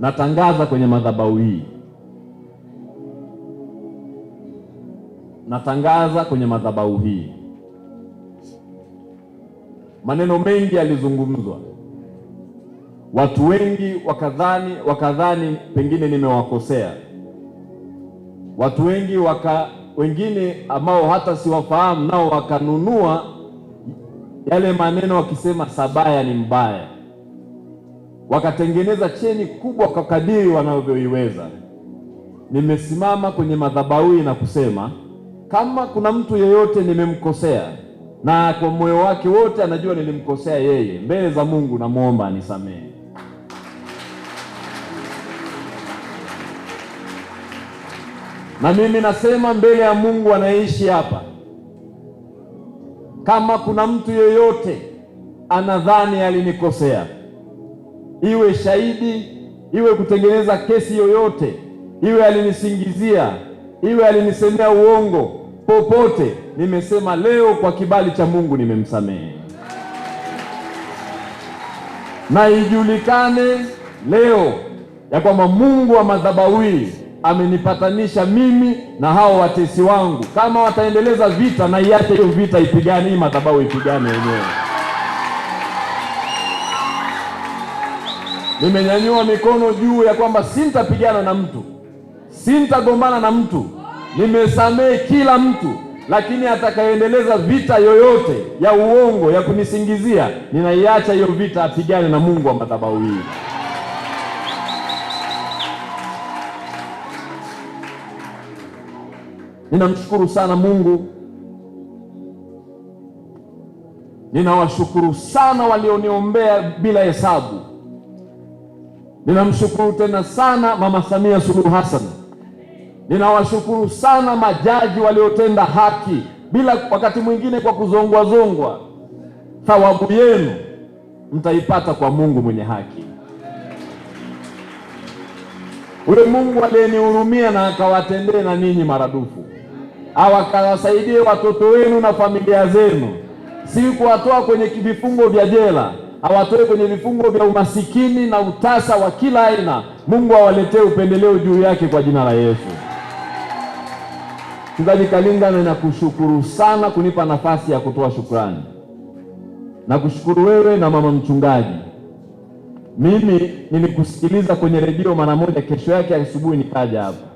Natangaza kwenye madhabahu hii, natangaza kwenye madhabahu hii. Maneno mengi yalizungumzwa, watu wengi wakadhani wakadhani pengine nimewakosea watu wengi waka, wengine ambao hata siwafahamu nao wakanunua yale maneno wakisema Sabaya ni mbaya wakatengeneza cheni kubwa kwa kadiri wanavyoiweza. Nimesimama kwenye madhabahu na kusema kama kuna mtu yeyote nimemkosea, na kwa moyo wake wote anajua nilimkosea yeye, mbele za Mungu namwomba anisamehe. Na mimi nasema mbele ya Mungu anaishi hapa, kama kuna mtu yeyote anadhani alinikosea iwe shahidi, iwe kutengeneza kesi yoyote, iwe alinisingizia, iwe alinisemea uongo, popote nimesema leo kwa kibali cha Mungu nimemsamehe. Na ijulikane leo ya kwamba Mungu wa madhabahu amenipatanisha mimi na hao watesi wangu. Kama wataendeleza vita, na iache hiyo vita ipigane, hii madhabahu ipigane yenyewe. Nimenyanyua mikono juu ya kwamba sintapigana na mtu, sintagombana na mtu, nimesamehe kila mtu, lakini atakayeendeleza vita yoyote ya uongo ya kunisingizia, ninaiacha hiyo vita, apigane na Mungu wa madhabahu hii. Ninamshukuru sana Mungu. Ninawashukuru sana walioniombea bila hesabu. Ninamshukuru tena sana Mama Samia Suluhu Hassan. Ninawashukuru sana majaji waliotenda haki bila wakati mwingine kwa kuzongwa zongwa. Thawabu yenu mtaipata kwa Mungu mwenye haki, ule Mungu aliyenihurumia na akawatendee na ninyi maradufu, au akawasaidie watoto wenu na familia zenu, si kuwatoa kwenye vifungo vya jela awatoe kwenye vifungo vya umasikini na utasa wa kila aina. Mungu awaletee upendeleo juu yake kwa jina la Yesu. Mchungaji Kalinga, ninakushukuru sana kunipa nafasi ya kutoa shukrani. Nakushukuru wewe na mama mchungaji. Mimi nilikusikiliza kwenye redio mara moja, kesho yake asubuhi nikaja hapa.